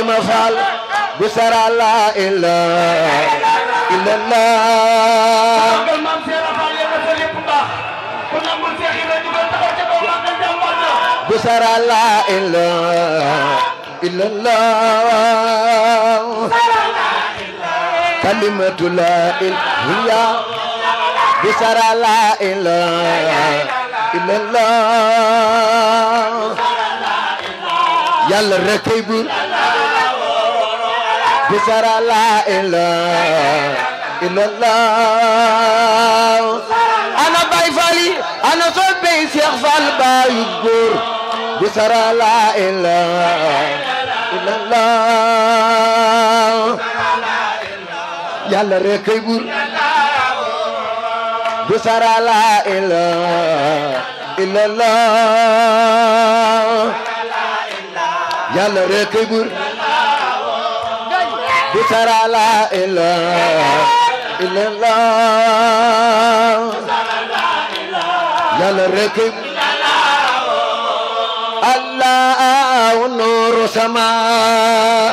Ibrahima Fall bisara la ilaha illallah bisara la ilaha illallah kalimatu la ilaha bisara la ilaha illallah yàlla rekk ay buur بشرى لا إله إلا الله أنا باي فالي أنا صوت بي شيخ فالباي الجور بشرى لا إله إلا الله يلا ركي بور بشرى لا إله إلا الله يلا ركي بور بشرى لا إله إلا الله يلا الركب الله نور سماء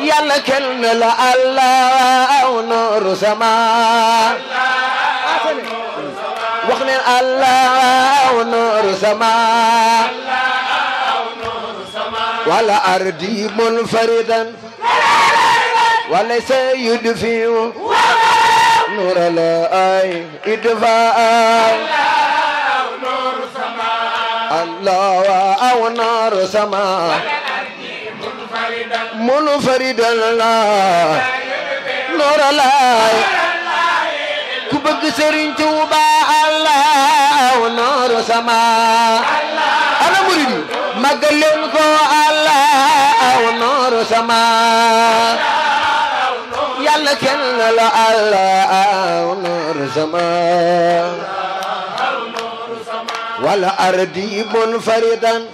يلا كلمة الله نور سماء وخلين الله نور سماء ولا أرضي منفردا وليس يدفئ نور الآي إدفاء نور سماء الله أو نور سماء منفردا لا نور الآي كبك سرين توبا الله أو نور سماء أنا مريد مقلن كو الله أو نور سماء yàlla kenn la allah nur sama wala ardi munfaridan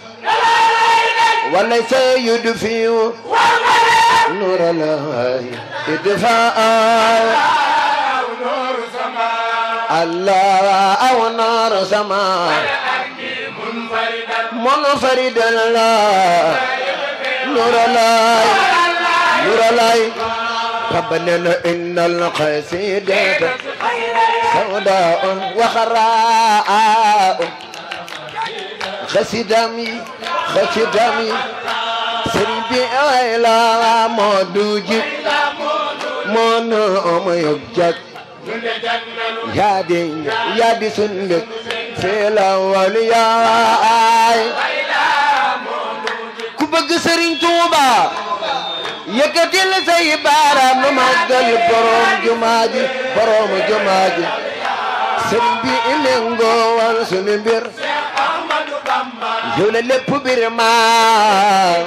nur allah idfaa الله أو نار سما منفردا منفردا لا نور الله فابلل إن القصيدة سوداء وخراء خسدمي خسدمي سربي إلى مدوج من أم يبجد يا دين يا دي سنك سيلا وليا ku bëgg Serigne Touba yëkkatil say baaraam nu màggal borom jumaa ji borom jumaa ji sëñ bi ilengoowal sunu mbir yow la lépp bir maa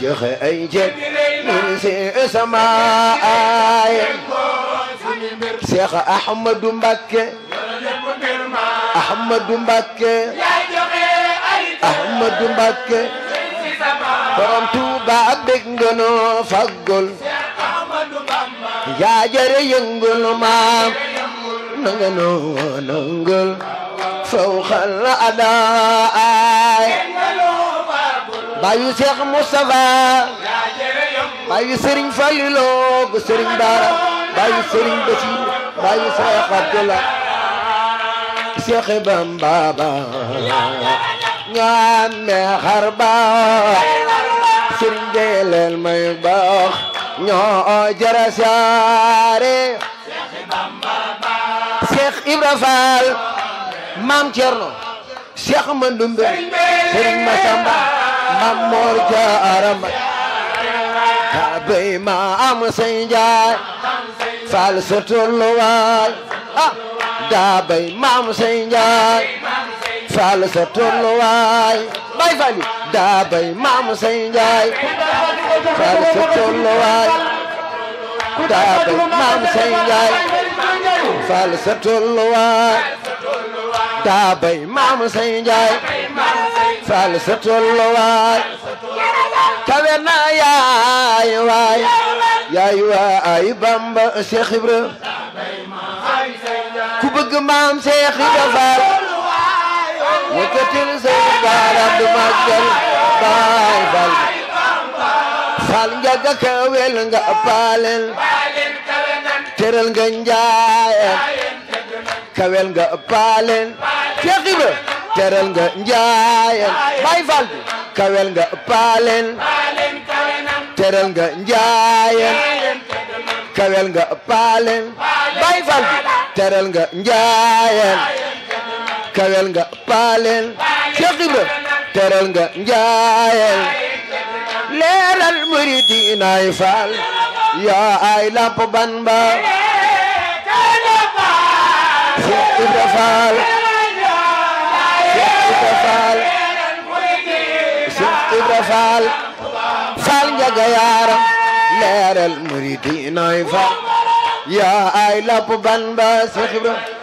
joxe ay jëg min si sama ay Seex Ahmadu Mbakke Ahmadu Mbakke Ahmadu Mbakke borom Tuuba bég nga noo faggul yaa jëre yëngul maam nanga noo nangul faw xal adaay bayu Seex Mustafa bayu Sëriñ Falilo gu Sëriñ Bara bayu Sëriñ Basi bayu Seex Abdullah Seex Bamba ñu ame xar baax sëriñ bi may baax ñoo jara saare Cheikh Ibra Fall maam Cerno Cheikh Mandumbe sëriñ Masamba maam Mor Jaara bay ma am sëñ Njaay Fall sa tolluwaay ah daa bay ma am sëñ Fall sa tolluwaay bay fali daa bay maam say njaay Fall sa tolluwaay daa bay maam say njaay Fall sa tolluwaay daa bay maam say njaay Fall sa tolluwaay kawe na yaay waay yaay waay Bamba Cheikh Ibra ku bëgg maam Cheikh Ibra yëkkatil seen baaraam du màggal baay fal fal njaga kawel nga paalen teral nga njaayeen kawel nga paalen texiba teral nga njaayeen baay fal bi kawel nga paalen teral nga njaayeen kawel nga paalen baay fal bi teral nga njaayeen kawel nga paaleel Cheikh Ibra teral nga njaayeel leeral muridi naay faal yaa ay lamp Bamba Cheikh Ibra Faal Faal Cheikh Ibra Faal faal njaga yaaram leeral muridi faal yaa ay lamp Bamba Cheikh Ibra